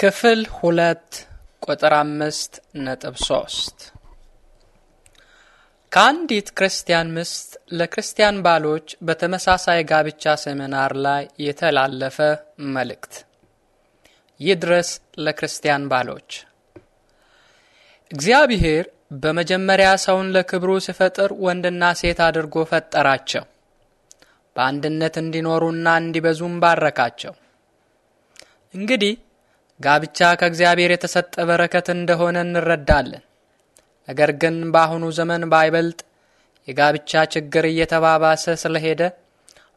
ክፍል ሁለት ቁጥር አምስት ነጥብ ሶስት ከአንዲት ክርስቲያን ምስት ለክርስቲያን ባሎች በተመሳሳይ ጋብቻ ሴሚናር ላይ የተላለፈ መልእክት ይህ ድረስ ለክርስቲያን ባሎች። እግዚአብሔር በመጀመሪያ ሰውን ለክብሩ ሲፈጥር ወንድና ሴት አድርጎ ፈጠራቸው። በአንድነት እንዲኖሩና እንዲበዙም ባረካቸው። እንግዲህ ጋብቻ ከእግዚአብሔር የተሰጠ በረከት እንደሆነ እንረዳለን። ነገር ግን በአሁኑ ዘመን ባይበልጥ የጋብቻ ችግር እየተባባሰ ስለሄደ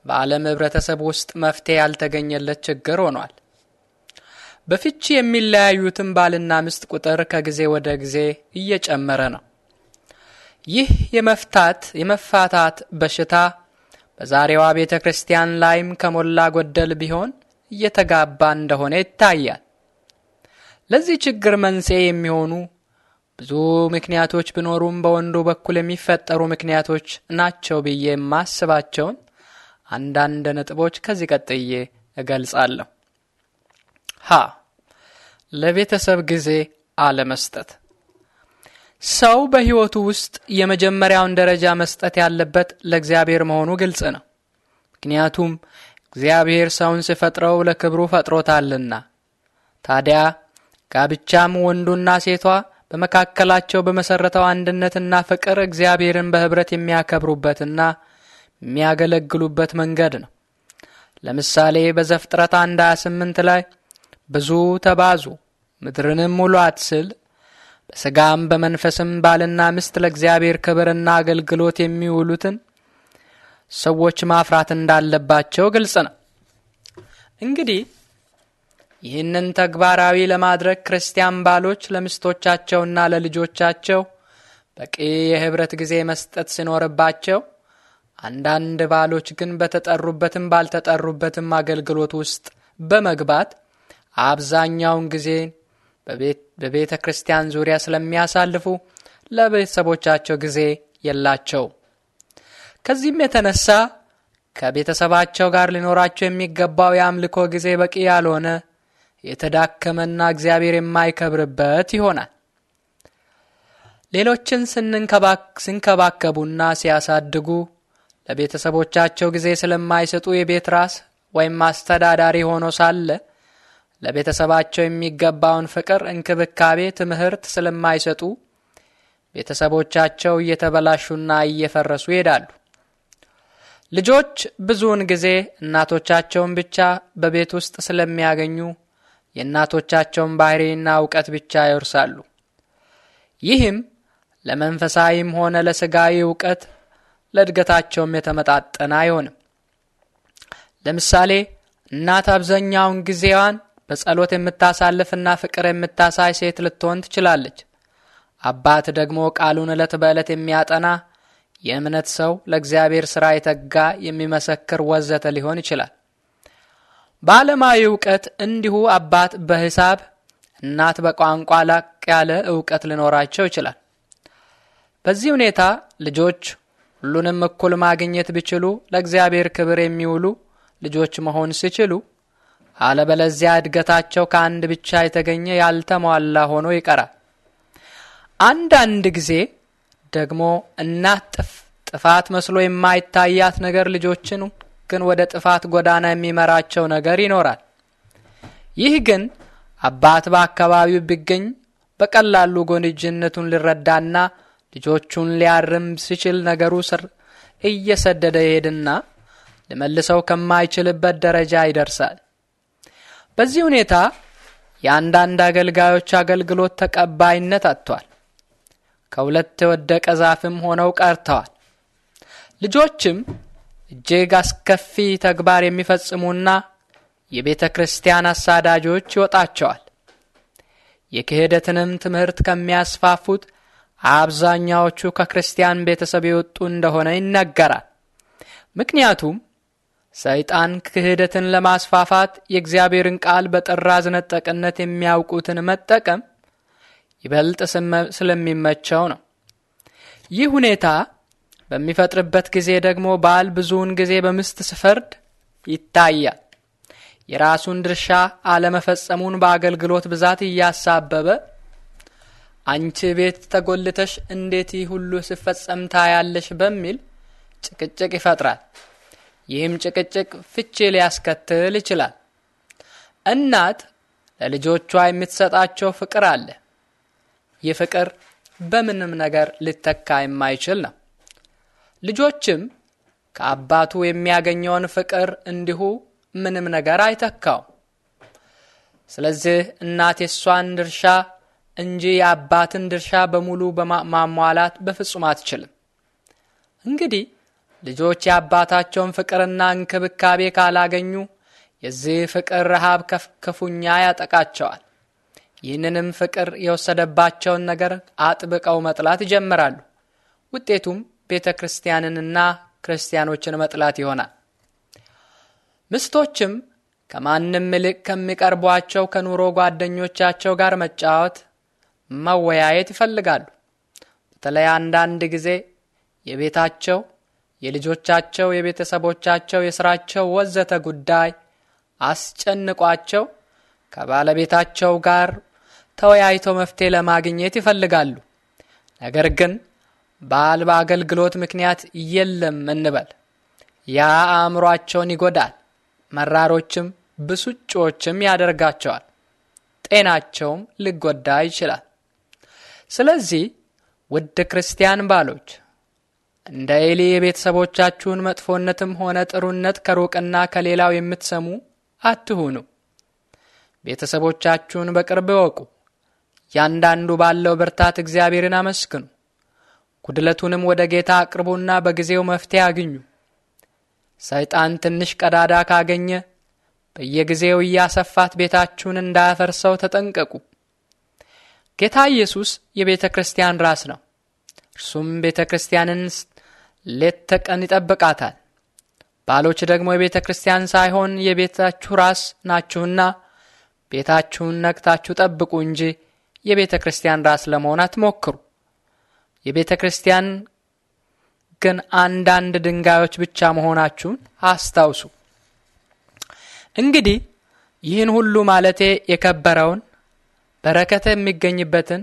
በዓለም ህብረተሰብ ውስጥ መፍትሄ ያልተገኘለት ችግር ሆኗል። በፍቺ የሚለያዩትን ባልና ሚስት ቁጥር ከጊዜ ወደ ጊዜ እየጨመረ ነው። ይህ የመፍታት የመፋታት በሽታ በዛሬዋ ቤተ ክርስቲያን ላይም ከሞላ ጎደል ቢሆን እየተጋባ እንደሆነ ይታያል። ለዚህ ችግር መንስኤ የሚሆኑ ብዙ ምክንያቶች ቢኖሩም በወንዱ በኩል የሚፈጠሩ ምክንያቶች ናቸው ብዬ የማስባቸውን አንዳንድ ነጥቦች ከዚህ ቀጥዬ እገልጻለሁ። ሀ ለቤተሰብ ጊዜ አለመስጠት። ሰው በሕይወቱ ውስጥ የመጀመሪያውን ደረጃ መስጠት ያለበት ለእግዚአብሔር መሆኑ ግልጽ ነው። ምክንያቱም እግዚአብሔር ሰውን ሲፈጥረው ለክብሩ ፈጥሮታልና። ታዲያ ጋብቻም ወንዱና ሴቷ በመካከላቸው በመሰረተው አንድነትና ፍቅር እግዚአብሔርን በህብረት የሚያከብሩበትና የሚያገለግሉበት መንገድ ነው። ለምሳሌ በዘፍጥረት ሀያ ስምንት ላይ ብዙ ተባዙ ምድርንም ሙሏት ስል በስጋም በመንፈስም ባልና ሚስት ለእግዚአብሔር ክብርና አገልግሎት የሚውሉትን ሰዎች ማፍራት እንዳለባቸው ግልጽ ነው። እንግዲህ ይህንን ተግባራዊ ለማድረግ ክርስቲያን ባሎች ለምስቶቻቸውና ለልጆቻቸው በቂ የህብረት ጊዜ መስጠት ሲኖርባቸው፣ አንዳንድ ባሎች ግን በተጠሩበትም ባልተጠሩበትም አገልግሎት ውስጥ በመግባት አብዛኛውን ጊዜ በቤተ ክርስቲያን ዙሪያ ስለሚያሳልፉ ለቤተሰቦቻቸው ጊዜ የላቸው። ከዚህም የተነሳ ከቤተሰባቸው ጋር ሊኖራቸው የሚገባው የአምልኮ ጊዜ በቂ ያልሆነ የተዳከመና እግዚአብሔር የማይከብርበት ይሆናል። ሌሎችን ስንከባከቡና ሲያሳድጉ ለቤተሰቦቻቸው ጊዜ ስለማይሰጡ የቤት ራስ ወይም አስተዳዳሪ ሆኖ ሳለ ለቤተሰባቸው የሚገባውን ፍቅር፣ እንክብካቤ፣ ትምህርት ስለማይሰጡ ቤተሰቦቻቸው እየተበላሹና እየፈረሱ ይሄዳሉ። ልጆች ብዙውን ጊዜ እናቶቻቸውን ብቻ በቤት ውስጥ ስለሚያገኙ የእናቶቻቸውን ባህሪና እውቀት ብቻ ይወርሳሉ። ይህም ለመንፈሳዊም ሆነ ለስጋዊ እውቀት ለእድገታቸውም የተመጣጠነ አይሆንም። ለምሳሌ እናት አብዛኛውን ጊዜዋን በጸሎት የምታሳልፍና ፍቅር የምታሳይ ሴት ልትሆን ትችላለች። አባት ደግሞ ቃሉን ዕለት በዕለት የሚያጠና የእምነት ሰው፣ ለእግዚአብሔር ሥራ የተጋ የሚመሰክር ወዘተ ሊሆን ይችላል። በዓለማዊ እውቀት እንዲሁ አባት በሂሳብ እናት በቋንቋ ላቅ ያለ እውቀት ሊኖራቸው ይችላል። በዚህ ሁኔታ ልጆች ሁሉንም እኩል ማግኘት ቢችሉ ለእግዚአብሔር ክብር የሚውሉ ልጆች መሆን ሲችሉ፣ አለበለዚያ እድገታቸው ከአንድ ብቻ የተገኘ ያልተሟላ ሆኖ ይቀራል። አንዳንድ ጊዜ ደግሞ እናት ጥፋት መስሎ የማይታያት ነገር ልጆችን ግን ወደ ጥፋት ጎዳና የሚመራቸው ነገር ይኖራል። ይህ ግን አባት በአካባቢው ቢገኝ በቀላሉ ጎንጅነቱን ሊረዳና ልጆቹን ሊያርም ሲችል ነገሩ ስር እየሰደደ ይሄድና ልመልሰው ከማይችልበት ደረጃ ይደርሳል። በዚህ ሁኔታ የአንዳንድ አገልጋዮች አገልግሎት ተቀባይነት አጥቷል። ከሁለት የወደቀ ዛፍም ሆነው ቀርተዋል። ልጆችም እጅግ አስከፊ ተግባር የሚፈጽሙና የቤተ ክርስቲያን አሳዳጆች ይወጣቸዋል። የክህደትንም ትምህርት ከሚያስፋፉት አብዛኛዎቹ ከክርስቲያን ቤተሰብ የወጡ እንደሆነ ይነገራል። ምክንያቱም ሰይጣን ክህደትን ለማስፋፋት የእግዚአብሔርን ቃል በጥራዝ ነጠቅነት የሚያውቁትን መጠቀም ይበልጥ ስለሚመቸው ነው። ይህ ሁኔታ በሚፈጥርበት ጊዜ ደግሞ ባል ብዙውን ጊዜ በምስት ስፈርድ ይታያል። የራሱን ድርሻ አለመፈጸሙን በአገልግሎት ብዛት እያሳበበ አንቺ ቤት ተጎልተሽ እንዴት ይህ ሁሉ ሲፈጸም ታያለሽ በሚል ጭቅጭቅ ይፈጥራል። ይህም ጭቅጭቅ ፍቺ ሊያስከትል ይችላል። እናት ለልጆቿ የምትሰጣቸው ፍቅር አለ። ይህ ፍቅር በምንም ነገር ሊተካ የማይችል ነው። ልጆችም ከአባቱ የሚያገኘውን ፍቅር እንዲሁ ምንም ነገር አይተካው። ስለዚህ እናት የእሷን ድርሻ እንጂ የአባትን ድርሻ በሙሉ በማሟላት በፍጹም አትችልም። እንግዲህ ልጆች የአባታቸውን ፍቅርና እንክብካቤ ካላገኙ የዚህ ፍቅር ረሃብ ክፉኛ ያጠቃቸዋል። ይህንንም ፍቅር የወሰደባቸውን ነገር አጥብቀው መጥላት ይጀምራሉ። ውጤቱም ቤተ ክርስቲያንንና ክርስቲያኖችን መጥላት ይሆናል። ምስቶችም ከማንም ይልቅ ከሚቀርቧቸው ከኑሮ ጓደኞቻቸው ጋር መጫወት፣ መወያየት ይፈልጋሉ። በተለይ አንዳንድ ጊዜ የቤታቸው፣ የልጆቻቸው፣ የቤተሰቦቻቸው፣ የስራቸው ወዘተ ጉዳይ አስጨንቋቸው ከባለቤታቸው ጋር ተወያይቶ መፍትሄ ለማግኘት ይፈልጋሉ። ነገር ግን በአልባ አገልግሎት ምክንያት የለም እንበል። ያ አእምሯቸውን ይጎዳል፣ መራሮችም ብሱጮችም ያደርጋቸዋል፣ ጤናቸውም ሊጎዳ ይችላል። ስለዚህ ውድ ክርስቲያን ባሎች እንደ ኤሊ የቤተሰቦቻችሁን መጥፎነትም ሆነ ጥሩነት ከሩቅና ከሌላው የምትሰሙ አትሁኑ። ቤተሰቦቻችሁን በቅርብ እወቁ። እያንዳንዱ ባለው ብርታት እግዚአብሔርን አመስግኑ። ጉድለቱንም ወደ ጌታ አቅርቡና በጊዜው መፍትሄ አግኙ። ሰይጣን ትንሽ ቀዳዳ ካገኘ በየጊዜው እያሰፋት ቤታችሁን እንዳያፈርሰው ተጠንቀቁ። ጌታ ኢየሱስ የቤተ ክርስቲያን ራስ ነው። እርሱም ቤተ ክርስቲያንን ሌት ተቀን ይጠብቃታል። ባሎች ደግሞ የቤተ ክርስቲያን ሳይሆን የቤታችሁ ራስ ናችሁና ቤታችሁን ነቅታችሁ ጠብቁ እንጂ የቤተ ክርስቲያን ራስ ለመሆን አትሞክሩ። የቤተ ክርስቲያን ግን አንዳንድ ድንጋዮች ብቻ መሆናችሁን አስታውሱ። እንግዲህ ይህን ሁሉ ማለቴ የከበረውን በረከተ የሚገኝበትን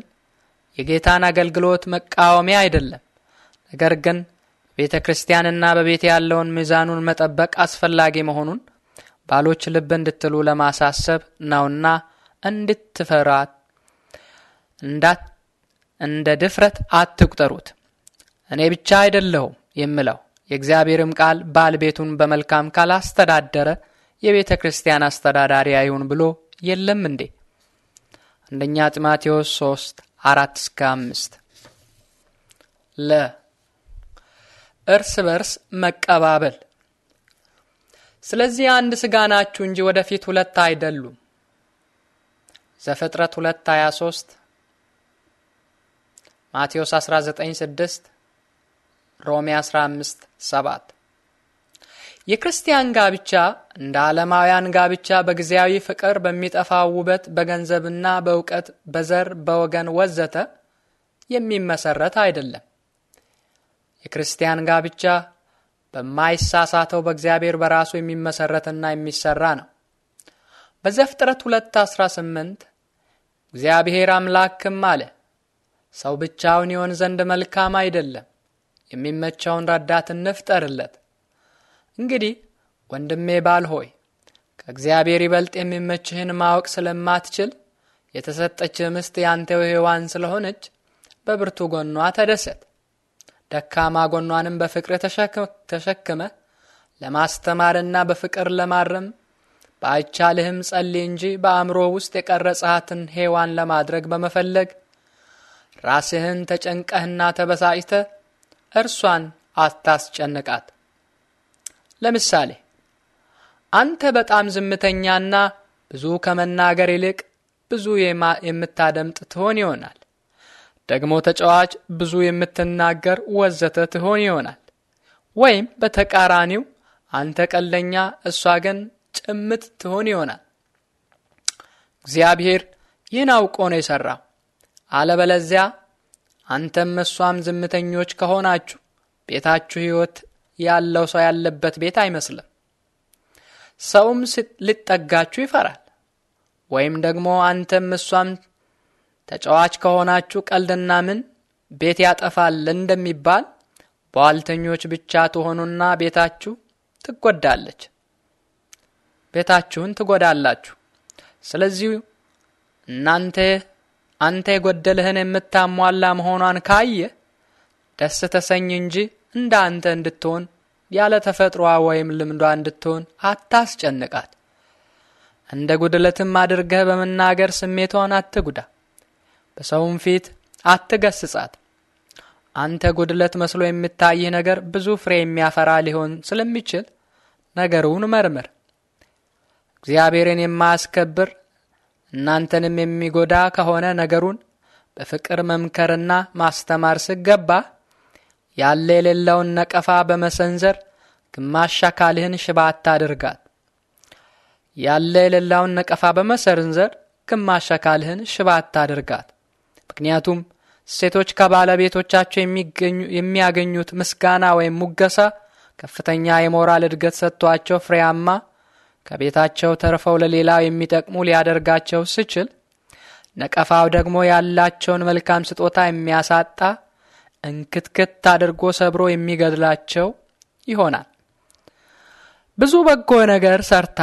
የጌታን አገልግሎት መቃወሚያ አይደለም። ነገር ግን ቤተ ክርስቲያንና በቤት ያለውን ሚዛኑን መጠበቅ አስፈላጊ መሆኑን ባሎች ልብ እንድትሉ ለማሳሰብ ነውና እንድትፈራት እንዳት እንደ ድፍረት አትቁጠሩት። እኔ ብቻ አይደለሁም የምለው የእግዚአብሔርም ቃል ባል ቤቱን በመልካም ካላስተዳደረ የቤተ ክርስቲያን አስተዳዳሪ አይሁን ብሎ የለም እንዴ? አንደኛ ጢሞቴዎስ 3 አራት እስከ አምስት ለ እርስ በርስ መቀባበል ስለዚህ አንድ ስጋ ናችሁ እንጂ ወደፊት ሁለት አይደሉም። ዘፍጥረት 2 23 ማቴዎስ 19:6 ሮሜ 15:7 የክርስቲያን ጋብቻ እንደ ዓለማውያን ጋብቻ በጊዜያዊ ፍቅር፣ በሚጠፋው ውበት፣ በገንዘብና በእውቀት፣ በዘር፣ በወገን ወዘተ የሚመሰረት አይደለም። የክርስቲያን ጋብቻ በማይሳሳተው በእግዚአብሔር በራሱ የሚመሰረትና የሚሰራ ነው። በዘፍጥረት 2:18 እግዚአብሔር አምላክም አለ ሰው ብቻውን ይሆን ዘንድ መልካም አይደለም። የሚመቸውን ረዳት እንፍጠርለት። እንግዲህ ወንድሜ ባል ሆይ ከእግዚአብሔር ይበልጥ የሚመችህን ማወቅ ስለማትችል የተሰጠች ምስት ያንተው ሔዋን ስለሆነች በብርቱ ጎኗ ተደሰት። ደካማ ጎኗንም በፍቅር ተሸክመ ለማስተማርና በፍቅር ለማረም ባይቻልህም ጸልይ እንጂ በአእምሮ ውስጥ የቀረጸሃትን ሔዋን ለማድረግ በመፈለግ ራስህን ተጨንቀህና ተበሳጭተ እርሷን አታስጨንቃት። ለምሳሌ አንተ በጣም ዝምተኛና ብዙ ከመናገር ይልቅ ብዙ የምታደምጥ ትሆን ይሆናል። ደግሞ ተጫዋች፣ ብዙ የምትናገር ወዘተ ትሆን ይሆናል። ወይም በተቃራኒው አንተ ቀለኛ፣ እሷ ግን ጭምት ትሆን ይሆናል። እግዚአብሔር ይህን አውቆ ነው የሠራው። አለበለዚያ አንተም እሷም ዝምተኞች ከሆናችሁ ቤታችሁ ሕይወት ያለው ሰው ያለበት ቤት አይመስልም። ሰውም ሊጠጋችሁ ይፈራል። ወይም ደግሞ አንተም እሷም ተጫዋች ከሆናችሁ ቀልድና ምን ቤት ያጠፋል እንደሚባል በዋልተኞች ብቻ ትሆኑና ቤታችሁ ትጎዳለች፣ ቤታችሁን ትጎዳላችሁ። ስለዚህ እናንተ አንተ የጎደልህን የምታሟላ መሆኗን ካየ ደስ ተሰኝ እንጂ እንደ አንተ እንድትሆን ያለ ተፈጥሮዋ ወይም ልምዷ እንድትሆን አታስጨንቃት። እንደ ጉድለትም አድርገህ በመናገር ስሜቷን አትጉዳ፣ በሰውም ፊት አትገስጻት። አንተ ጉድለት መስሎ የሚታይህ ነገር ብዙ ፍሬ የሚያፈራ ሊሆን ስለሚችል ነገሩን መርምር። እግዚአብሔርን የማያስከብር እናንተንም የሚጎዳ ከሆነ ነገሩን በፍቅር መምከርና ማስተማር ሲገባ ያለ የሌለውን ነቀፋ በመሰንዘር ግማሽ አካልህን ሽባ አታድርጋት። ያለ የሌላውን ነቀፋ በመሰንዘር ግማሽ አካልህን ሽባ አታድርጋት። ምክንያቱም ሴቶች ከባለቤቶቻቸው የሚያገኙት ምስጋና ወይም ሙገሳ ከፍተኛ የሞራል እድገት ሰጥቷቸው ፍሬያማ ከቤታቸው ተርፈው ለሌላው የሚጠቅሙ ሊያደርጋቸው ስችል ነቀፋው ደግሞ ያላቸውን መልካም ስጦታ የሚያሳጣ እንክትክት አድርጎ ሰብሮ የሚገድላቸው ይሆናል። ብዙ በጎ ነገር ሰርታ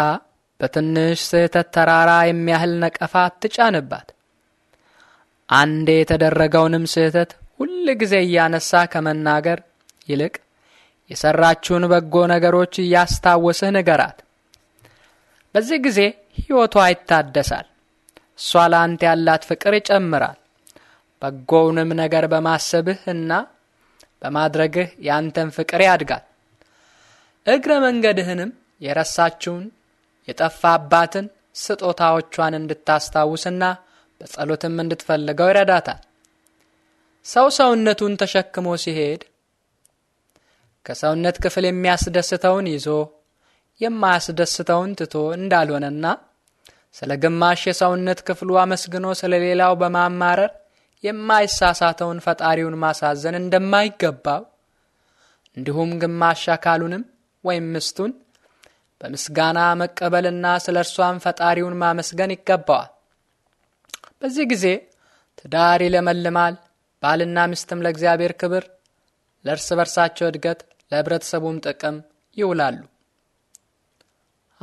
በትንሽ ስህተት ተራራ የሚያህል ነቀፋ አትጫንባት። አንዴ የተደረገውንም ስህተት ሁል ጊዜ እያነሳ ከመናገር ይልቅ የሰራችውን በጎ ነገሮች እያስታወስህ ንገራት። በዚህ ጊዜ ሕይወቷ ይታደሳል። እሷ ለአንተ ያላት ፍቅር ይጨምራል። በጎውንም ነገር በማሰብህ እና በማድረግህ የአንተን ፍቅር ያድጋል። እግረ መንገድህንም የረሳችውን የጠፋባትን ስጦታዎቿን እንድታስታውስና በጸሎትም እንድትፈልገው ይረዳታል። ሰው ሰውነቱን ተሸክሞ ሲሄድ ከሰውነት ክፍል የሚያስደስተውን ይዞ የማያስደስተውን ትቶ እንዳልሆነና ስለ ግማሽ የሰውነት ክፍሉ አመስግኖ ስለ ሌላው በማማረር የማይሳሳተውን ፈጣሪውን ማሳዘን እንደማይገባው እንዲሁም ግማሽ አካሉንም ወይም ምስቱን በምስጋና መቀበልና ስለ እርሷን ፈጣሪውን ማመስገን ይገባዋል። በዚህ ጊዜ ትዳር ይለመልማል። ባልና ምስትም ለእግዚአብሔር ክብር፣ ለእርስ በርሳቸው እድገት፣ ለህብረተሰቡም ጥቅም ይውላሉ።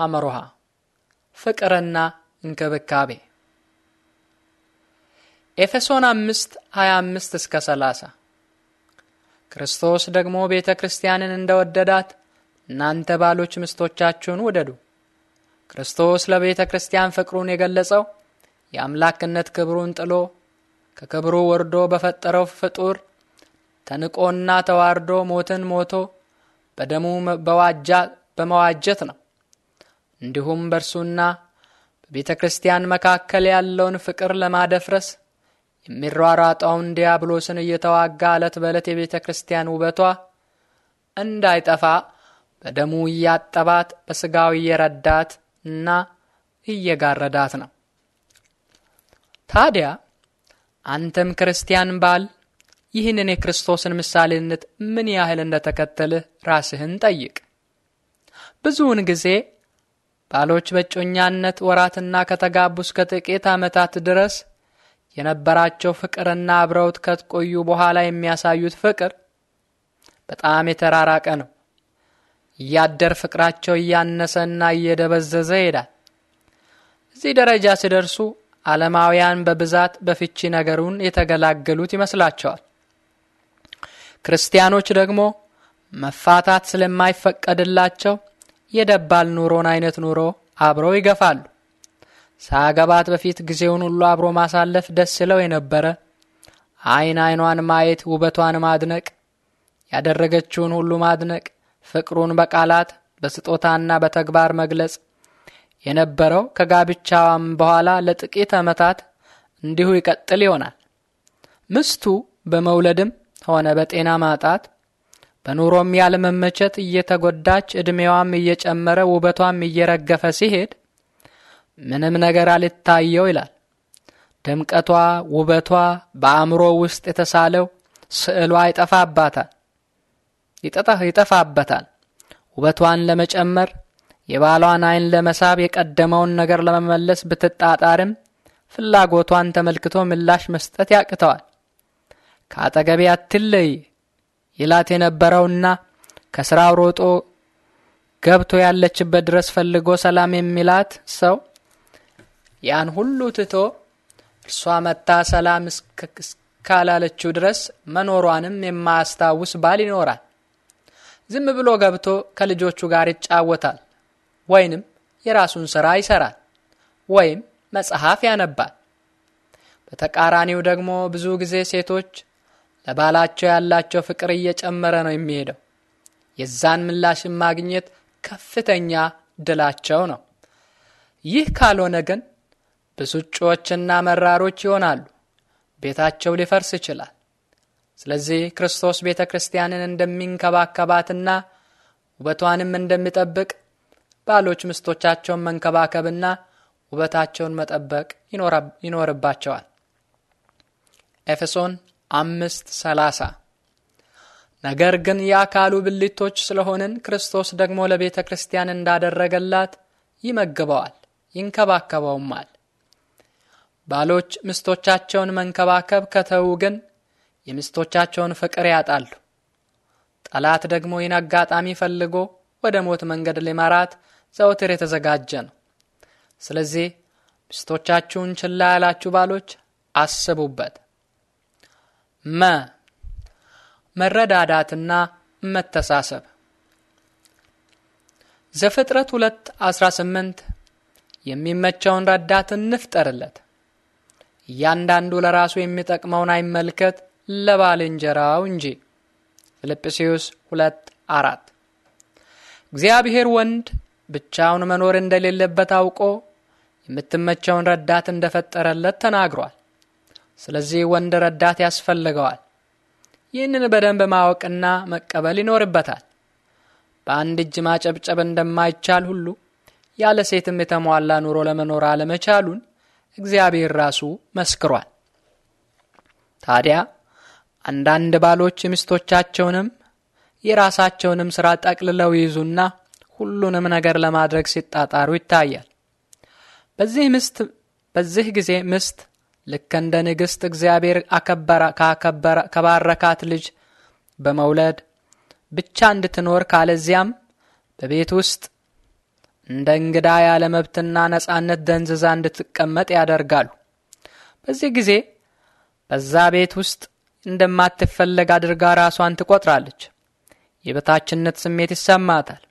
አመሮሃ ፍቅርና እንክብካቤ ኤፌሶን 5 25 እስከ 30 ክርስቶስ ደግሞ ቤተ ክርስቲያንን እንደወደዳት እናንተ ባሎች ምስቶቻችሁን ውደዱ። ክርስቶስ ለቤተ ክርስቲያን ፍቅሩን የገለጸው የአምላክነት ክብሩን ጥሎ ከክብሩ ወርዶ በፈጠረው ፍጡር ተንቆና ተዋርዶ ሞትን ሞቶ በደሙ በዋጃ በመዋጀት ነው። እንዲሁም በእርሱና በቤተ ክርስቲያን መካከል ያለውን ፍቅር ለማደፍረስ የሚሯሯጠውን ዲያብሎስን እየተዋጋ ዕለት በዕለት የቤተ ክርስቲያን ውበቷ እንዳይጠፋ በደሙ እያጠባት በሥጋው እየረዳት እና እየጋረዳት ነው። ታዲያ አንተም ክርስቲያን ባል ይህንን የክርስቶስን ምሳሌነት ምን ያህል እንደተከተልህ ራስህን ጠይቅ። ብዙውን ጊዜ ባሎች በእጮኛነት ወራትና ከተጋቡ እስከ ጥቂት ዓመታት ድረስ የነበራቸው ፍቅርና አብረውት ከትቆዩ በኋላ የሚያሳዩት ፍቅር በጣም የተራራቀ ነው። እያደር ፍቅራቸው እያነሰና እየደበዘዘ ይሄዳል። እዚህ ደረጃ ሲደርሱ ዓለማውያን በብዛት በፍቺ ነገሩን የተገላገሉት ይመስላቸዋል። ክርስቲያኖች ደግሞ መፋታት ስለማይፈቀድላቸው የደባል ኑሮን አይነት ኑሮ አብረው ይገፋሉ። ሳገባት በፊት ጊዜውን ሁሉ አብሮ ማሳለፍ ደስ ይለው የነበረ አይን አይኗን ማየት፣ ውበቷን ማድነቅ፣ ያደረገችውን ሁሉ ማድነቅ፣ ፍቅሩን በቃላት በስጦታና በተግባር መግለጽ የነበረው ከጋብቻዋም በኋላ ለጥቂት ዓመታት እንዲሁ ይቀጥል ይሆናል። ምስቱ በመውለድም ሆነ በጤና ማጣት በኑሮም ያለመመቸት እየተጎዳች ዕድሜዋም እየጨመረ ውበቷም እየረገፈ ሲሄድ ምንም ነገር አልታየው ይላል። ድምቀቷ፣ ውበቷ፣ በአእምሮ ውስጥ የተሳለው ስዕሏ ይጠፋባታል ይጠፋበታል። ውበቷን ለመጨመር የባሏን አይን ለመሳብ የቀደመውን ነገር ለመመለስ ብትጣጣርም ፍላጎቷን ተመልክቶ ምላሽ መስጠት ያቅተዋል። ከአጠገቤ አትለይ ይላት የነበረውና ከስራው ሮጦ ገብቶ ያለችበት ድረስ ፈልጎ ሰላም የሚላት ሰው ያን ሁሉ ትቶ እርሷ መታ ሰላም እስካላለችው ድረስ መኖሯንም የማያስታውስ ባል ይኖራል። ዝም ብሎ ገብቶ ከልጆቹ ጋር ይጫወታል፣ ወይንም የራሱን ሥራ ይሠራል፣ ወይም መጽሐፍ ያነባል። በተቃራኒው ደግሞ ብዙ ጊዜ ሴቶች ለባላቸው ያላቸው ፍቅር እየጨመረ ነው የሚሄደው። የዛን ምላሽን ማግኘት ከፍተኛ ድላቸው ነው። ይህ ካልሆነ ግን ብስጩዎችና መራሮች ይሆናሉ። ቤታቸው ሊፈርስ ይችላል። ስለዚህ ክርስቶስ ቤተ ክርስቲያንን እንደሚንከባከባትና ውበቷንም እንደሚጠብቅ ባሎች ምስቶቻቸውን መንከባከብና ውበታቸውን መጠበቅ ይኖርባቸዋል። ኤፌሶን አምስት ሰላሳ ነገር ግን የአካሉ ብልቶች ስለሆንን ክርስቶስ ደግሞ ለቤተ ክርስቲያን እንዳደረገላት ይመግበዋል ይንከባከበውማል። ባሎች ምስቶቻቸውን መንከባከብ ከተዉ ግን የምስቶቻቸውን ፍቅር ያጣሉ። ጠላት ደግሞ ይህን አጋጣሚ ፈልጎ ወደ ሞት መንገድ ሊመራት ዘውትር የተዘጋጀ ነው። ስለዚህ ምስቶቻችሁን ችላ ያላችሁ ባሎች አስቡበት። መ መረዳዳትና መተሳሰብ ዘፍጥረት 2 18 የሚመቸውን ረዳት እንፍጠርለት፣ እያንዳንዱ ለራሱ የሚጠቅመውን አይመልከት ለባልንጀራው እንጂ። ፊልጵስዩስ 2 4 እግዚአብሔር ወንድ ብቻውን መኖር እንደሌለበት አውቆ የምትመቸውን ረዳት እንደፈጠረለት ተናግሯል። ስለዚህ ወንድ ረዳት ያስፈልገዋል። ይህንን በደንብ ማወቅና መቀበል ይኖርበታል። በአንድ እጅ ማጨብጨብ እንደማይቻል ሁሉ ያለ ሴትም የተሟላ ኑሮ ለመኖር አለመቻሉን እግዚአብሔር ራሱ መስክሯል። ታዲያ አንዳንድ ባሎች የሚስቶቻቸውንም የራሳቸውንም ሥራ ጠቅልለው ይይዙና ሁሉንም ነገር ለማድረግ ሲጣጣሩ ይታያል። በዚህ ጊዜ ምስት ልክ እንደ ንግሥት እግዚአብሔር ከባረካት ልጅ በመውለድ ብቻ እንድትኖር ካለዚያም በቤት ውስጥ እንደ እንግዳ ያለ መብትና ነጻነት ደንዝዛ እንድትቀመጥ ያደርጋሉ። በዚህ ጊዜ በዛ ቤት ውስጥ እንደማትፈለግ አድርጋ ራሷን ትቆጥራለች። የበታችነት ስሜት ይሰማታል።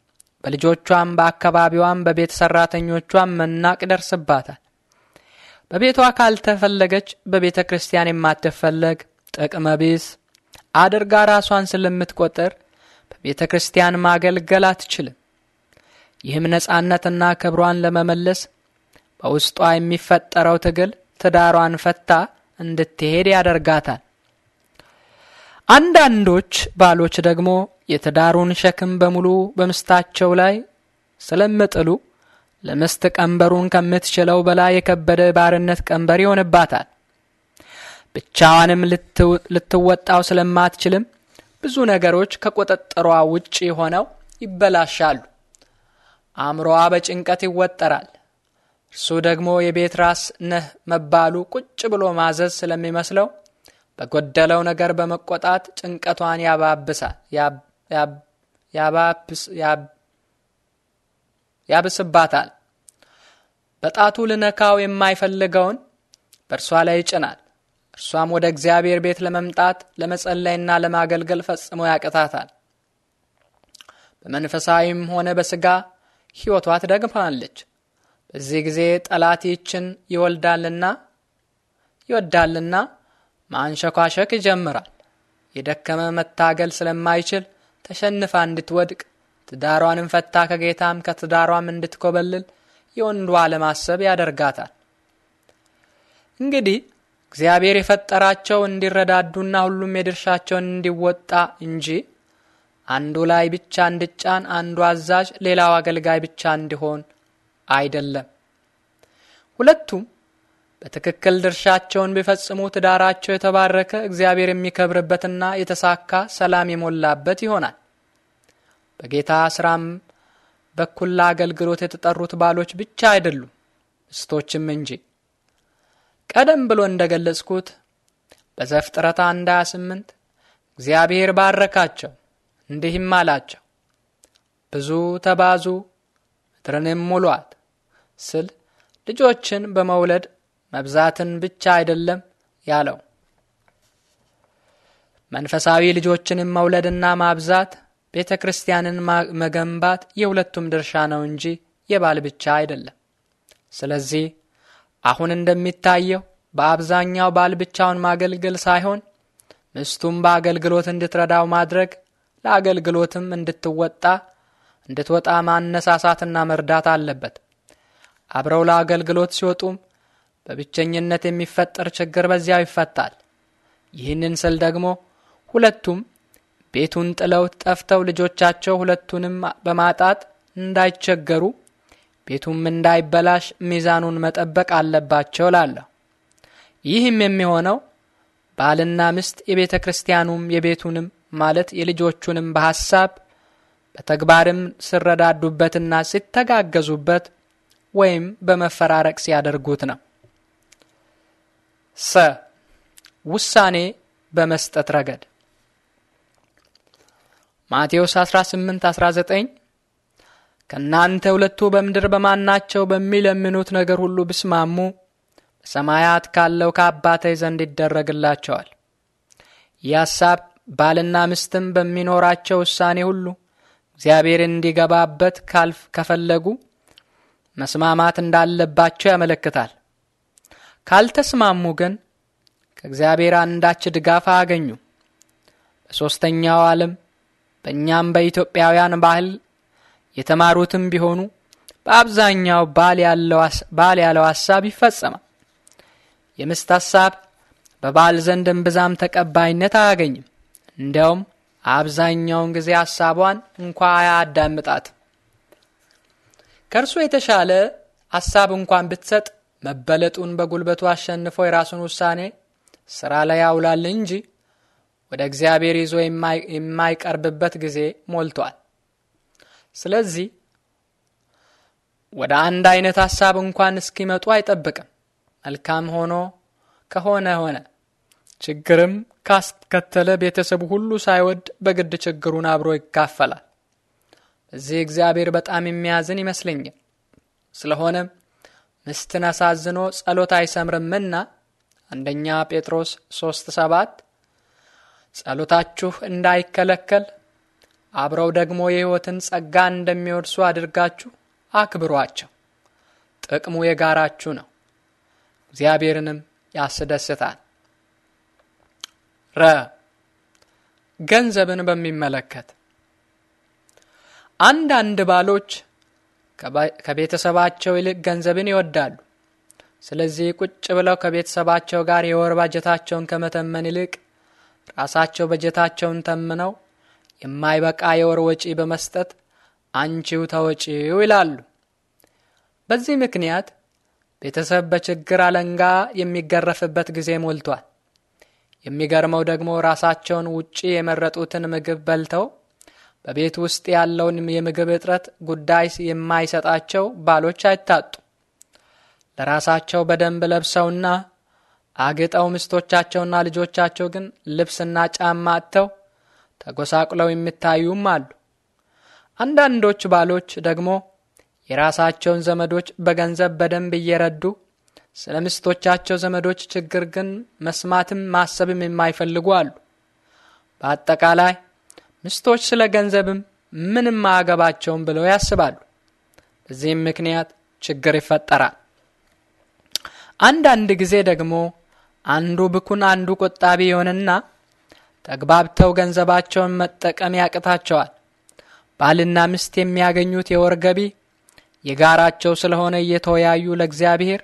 በልጆቿም፣ በአካባቢዋም፣ በቤት ሰራተኞቿም መናቅ ደርስባታል። በቤቷ ካልተፈለገች በቤተ ክርስቲያን የማትፈለግ ጥቅመ ቢስ አድርጋ ራሷን ስለምትቆጥር በቤተ ክርስቲያን ማገልገል አትችልም። ይህም ነጻነትና ክብሯን ለመመለስ በውስጧ የሚፈጠረው ትግል ትዳሯን ፈታ እንድትሄድ ያደርጋታል። አንዳንዶች ባሎች ደግሞ የትዳሩን ሸክም በሙሉ በምስታቸው ላይ ስለምጥሉ ለምስት ቀንበሩን ከምትችለው በላይ የከበደ ባርነት ቀንበር ይሆንባታል። ብቻዋንም ልትወጣው ስለማትችልም ብዙ ነገሮች ከቁጥጥሯ ውጭ ሆነው ይበላሻሉ። አእምሮዋ በጭንቀት ይወጠራል። እርሱ ደግሞ የቤት ራስ ነህ መባሉ ቁጭ ብሎ ማዘዝ ስለሚመስለው በጎደለው ነገር በመቆጣት ጭንቀቷን ያባብሳል ያብስባታል። በጣቱ ልነካው የማይፈልገውን በእርሷ ላይ ይጭናል። እርሷም ወደ እግዚአብሔር ቤት ለመምጣት ለመጸለይና ለማገልገል ፈጽሞ ያቅታታል። በመንፈሳዊም ሆነ በሥጋ ሕይወቷ ትደግፋለች። በዚህ ጊዜ ጠላት ይችን ይወልዳልና ይወዳልና ማንሸኳሸክ ይጀምራል። የደከመ መታገል ስለማይችል ተሸንፋ እንድትወድቅ ትዳሯንም ፈታ ከጌታም ከትዳሯም እንድትኮበልል የወንዷ ለማሰብ ያደርጋታል። እንግዲህ እግዚአብሔር የፈጠራቸው እንዲረዳዱና ሁሉም የድርሻቸውን እንዲወጣ እንጂ አንዱ ላይ ብቻ እንድጫን አንዱ አዛዥ፣ ሌላው አገልጋይ ብቻ እንዲሆን አይደለም። ሁለቱም በትክክል ድርሻቸውን ቢፈጽሙ ትዳራቸው የተባረከ እግዚአብሔር የሚከብርበትና የተሳካ ሰላም የሞላበት ይሆናል። በጌታ ስራም በኩል ለአገልግሎት የተጠሩት ባሎች ብቻ አይደሉም፣ ሚስቶችም እንጂ። ቀደም ብሎ እንደ ገለጽኩት በዘፍጥረት አንድ ሀያ ስምንት እግዚአብሔር ባረካቸው እንዲህም አላቸው ብዙ ተባዙ ምድርንም ሙሏት ስል ልጆችን በመውለድ መብዛትን ብቻ አይደለም ያለው መንፈሳዊ ልጆችንም መውለድና ማብዛት ቤተ ክርስቲያንን መገንባት የሁለቱም ድርሻ ነው እንጂ የባል ብቻ አይደለም። ስለዚህ አሁን እንደሚታየው በአብዛኛው ባል ብቻውን ማገልገል ሳይሆን ሚስቱም በአገልግሎት እንድትረዳው ማድረግ ለአገልግሎትም እንድትወጣ እንድትወጣ ማነሳሳትና መርዳት አለበት። አብረው ለአገልግሎት ሲወጡም በብቸኝነት የሚፈጠር ችግር በዚያው ይፈታል። ይህንን ስል ደግሞ ሁለቱም ቤቱን ጥለው ጠፍተው ልጆቻቸው ሁለቱንም በማጣት እንዳይቸገሩ ቤቱም እንዳይበላሽ ሚዛኑን መጠበቅ አለባቸው ላለሁ። ይህም የሚሆነው ባልና ሚስት የቤተ ክርስቲያኑም የቤቱንም ማለት የልጆቹንም በሐሳብ በተግባርም ሲረዳዱበትና ሲተጋገዙበት ወይም በመፈራረቅ ሲያደርጉት ነው። ሰ ውሳኔ በመስጠት ረገድ ማቴዎስ 18 19 ከእናንተ ሁለቱ በምድር በማናቸው በሚለምኑት ነገር ሁሉ ብስማሙ በሰማያት ካለው ከአባቴ ዘንድ ይደረግላቸዋል። ይህ ሐሳብ ባልና ምስትም በሚኖራቸው ውሳኔ ሁሉ እግዚአብሔር እንዲገባበት ካልፍ ከፈለጉ መስማማት እንዳለባቸው ያመለክታል። ካልተስማሙ ግን ከእግዚአብሔር አንዳች ድጋፍ አያገኙ። በሦስተኛው ዓለም በእኛም በኢትዮጵያውያን ባህል የተማሩትም ቢሆኑ በአብዛኛው ባል ያለው ሀሳብ ይፈጸማል። የምስት ሀሳብ በባል ዘንድ እምብዛም ተቀባይነት አያገኝም። እንዲያውም አብዛኛውን ጊዜ ሀሳቧን እንኳ አያዳምጣትም። ከእርሱ የተሻለ ሀሳብ እንኳን ብትሰጥ መበለጡን በጉልበቱ አሸንፎ የራሱን ውሳኔ ስራ ላይ ያውላል እንጂ ወደ እግዚአብሔር ይዞ የማይቀርብበት ጊዜ ሞልቷል። ስለዚህ ወደ አንድ አይነት ሐሳብ እንኳን እስኪመጡ አይጠብቅም። መልካም ሆኖ ከሆነ ሆነ፣ ችግርም ካስከተለ ቤተሰቡ ሁሉ ሳይወድ በግድ ችግሩን አብሮ ይካፈላል። እዚህ እግዚአብሔር በጣም የሚያዝን ይመስለኛል። ስለሆነም ምስትን አሳዝኖ ጸሎት አይሰምርምና አንደኛ ጴጥሮስ ሶስት ሰባት ጸሎታችሁ እንዳይከለከል አብረው ደግሞ የሕይወትን ጸጋ እንደሚወርሱ አድርጋችሁ አክብሯቸው። ጥቅሙ የጋራችሁ ነው፣ እግዚአብሔርንም ያስደስታል። ረ ገንዘብን በሚመለከት አንዳንድ ባሎች ከቤተሰባቸው ይልቅ ገንዘብን ይወዳሉ። ስለዚህ ቁጭ ብለው ከቤተሰባቸው ጋር የወር ባጀታቸውን ከመተመን ይልቅ ራሳቸው በጀታቸውን ተምነው የማይበቃ የወር ወጪ በመስጠት አንቺው ተወጪው ይላሉ። በዚህ ምክንያት ቤተሰብ በችግር አለንጋ የሚገረፍበት ጊዜ ሞልቷል። የሚገርመው ደግሞ ራሳቸውን ውጪ የመረጡትን ምግብ በልተው በቤት ውስጥ ያለውን የምግብ እጥረት ጉዳይ የማይሰጣቸው ባሎች አይታጡ። ለራሳቸው በደንብ ለብሰውና አግጠው ሚስቶቻቸውና ልጆቻቸው ግን ልብስና ጫማ አጥተው ተጎሳቁለው የሚታዩም አሉ። አንዳንዶች ባሎች ደግሞ የራሳቸውን ዘመዶች በገንዘብ በደንብ እየረዱ ስለ ሚስቶቻቸው ዘመዶች ችግር ግን መስማትም ማሰብም የማይፈልጉ አሉ። በአጠቃላይ ሚስቶች ስለ ገንዘብም ምንም አያገባቸውም ብለው ያስባሉ። በዚህም ምክንያት ችግር ይፈጠራል። አንዳንድ ጊዜ ደግሞ አንዱ ብኩን አንዱ ቆጣቢ ይሆንና ተግባብተው ገንዘባቸውን መጠቀም ያቅታቸዋል። ባልና ሚስት የሚያገኙት የወር ገቢ የጋራቸው ስለሆነ እየተወያዩ ለእግዚአብሔር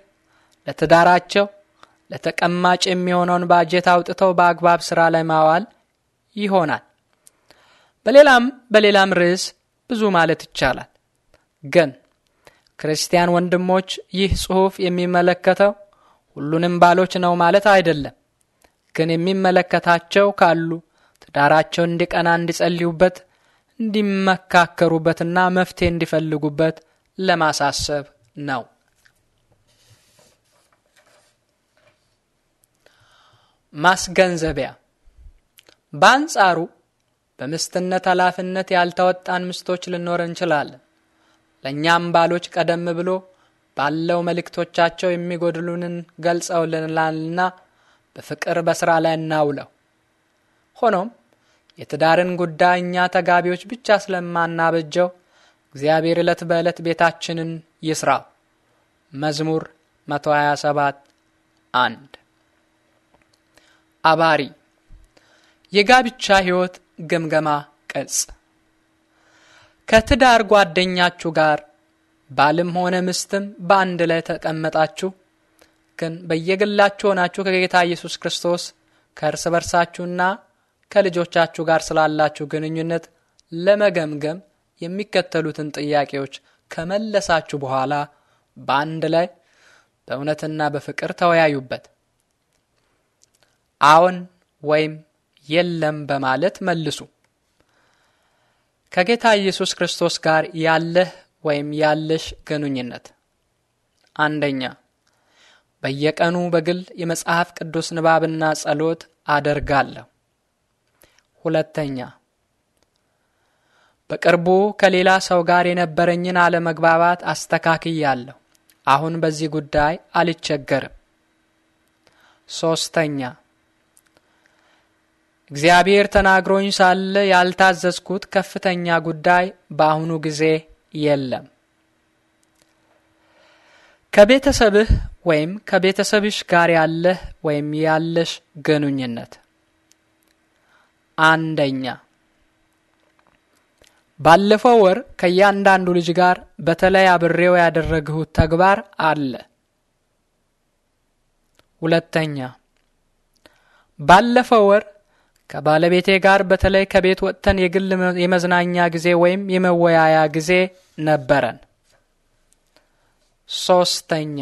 ለትዳራቸው ለተቀማጭ የሚሆነውን ባጀት አውጥተው በአግባብ ስራ ላይ ማዋል ይሆናል። በሌላም በሌላም ርዕስ ብዙ ማለት ይቻላል። ግን ክርስቲያን ወንድሞች ይህ ጽሑፍ የሚመለከተው ሁሉንም ባሎች ነው ማለት አይደለም። ግን የሚመለከታቸው ካሉ ዳራቸው እንዲቀና እንዲጸልዩበት፣ እንዲመካከሩበትና መፍትሄ እንዲፈልጉበት ለማሳሰብ ነው። ማስገንዘቢያ በአንጻሩ በምስትነት ኃላፊነት ያልተወጣን ምስቶች ልኖር እንችላለን። ለእኛም ባሎች ቀደም ብሎ ባለው መልእክቶቻቸው የሚጎድሉንን ገልጸውልናልና በፍቅር በሥራ ላይ እናውለው። ሆኖም የትዳርን ጉዳይ እኛ ተጋቢዎች ብቻ ስለማናበጀው እግዚአብሔር ዕለት በዕለት ቤታችንን ይስራው። መዝሙር 127 አንድ አባሪ የጋብቻ ሕይወት ግምገማ ቅጽ ከትዳር ጓደኛችሁ ጋር ባልም ሆነ ምስትም በአንድ ላይ ተቀመጣችሁ ግን በየግላችሁ ሆናችሁ ከጌታ ኢየሱስ ክርስቶስ ከእርስ በርሳችሁና ከልጆቻችሁ ጋር ስላላችሁ ግንኙነት ለመገምገም የሚከተሉትን ጥያቄዎች ከመለሳችሁ በኋላ በአንድ ላይ በእውነትና በፍቅር ተወያዩበት። አዎን ወይም የለም በማለት መልሱ። ከጌታ ኢየሱስ ክርስቶስ ጋር ያለህ ወይም ያለሽ ግንኙነት አንደኛ በየቀኑ በግል የመጽሐፍ ቅዱስ ንባብና ጸሎት አደርጋለሁ። ሁለተኛ በቅርቡ ከሌላ ሰው ጋር የነበረኝን አለመግባባት አስተካክያለሁ። አሁን በዚህ ጉዳይ አልቸገርም። ሶስተኛ እግዚአብሔር ተናግሮኝ ሳለ ያልታዘዝኩት ከፍተኛ ጉዳይ በአሁኑ ጊዜ የለም። ከቤተሰብህ ወይም ከቤተሰብሽ ጋር ያለህ ወይም ያለሽ ግንኙነት አንደኛ ባለፈው ወር ከእያንዳንዱ ልጅ ጋር በተለይ አብሬው ያደረግሁት ተግባር አለ። ሁለተኛ ባለፈው ወር ከባለቤቴ ጋር በተለይ ከቤት ወጥተን የግል የመዝናኛ ጊዜ ወይም የመወያያ ጊዜ ነበረን። ሶስተኛ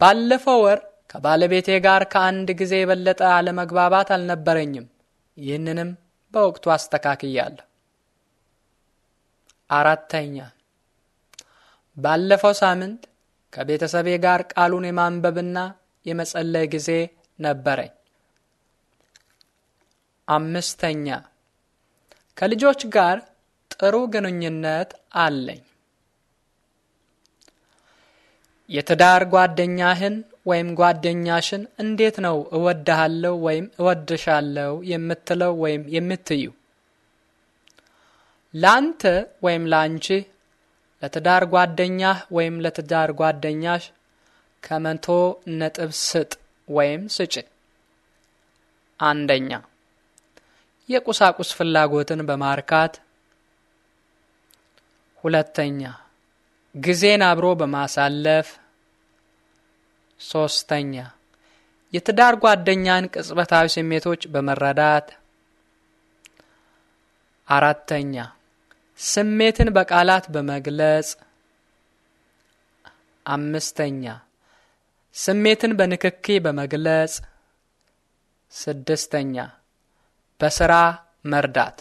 ባለፈው ወር ከባለቤቴ ጋር ከአንድ ጊዜ የበለጠ አለመግባባት አልነበረኝም። ይህንንም በወቅቱ አስተካክያለሁ። አራተኛ ባለፈው ሳምንት ከቤተሰቤ ጋር ቃሉን የማንበብና የመጸለይ ጊዜ ነበረኝ። አምስተኛ ከልጆች ጋር ጥሩ ግንኙነት አለኝ። የትዳር ጓደኛህን ወይም ጓደኛሽን እንዴት ነው እወድሃለሁ ወይም እወድሻለሁ የምትለው ወይም የምትዩ? ለአንተ ወይም ለአንቺ ለትዳር ጓደኛህ ወይም ለትዳር ጓደኛሽ ከመቶ ነጥብ ስጥ ወይም ስጭ። አንደኛ የቁሳቁስ ፍላጎትን በማርካት ሁለተኛ ጊዜን አብሮ በማሳለፍ ሶስተኛ የትዳር ጓደኛን ቅጽበታዊ ስሜቶች በመረዳት አራተኛ ስሜትን በቃላት በመግለጽ አምስተኛ ስሜትን በንክኪ በመግለጽ ስድስተኛ በሥራ መርዳት